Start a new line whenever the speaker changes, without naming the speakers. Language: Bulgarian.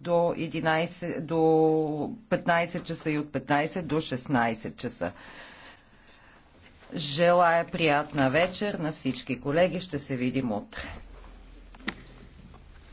до, 11, до 15 часа и от 15 до 16 часа. Желая приятна вечер на всички колеги. Ще се видим утре.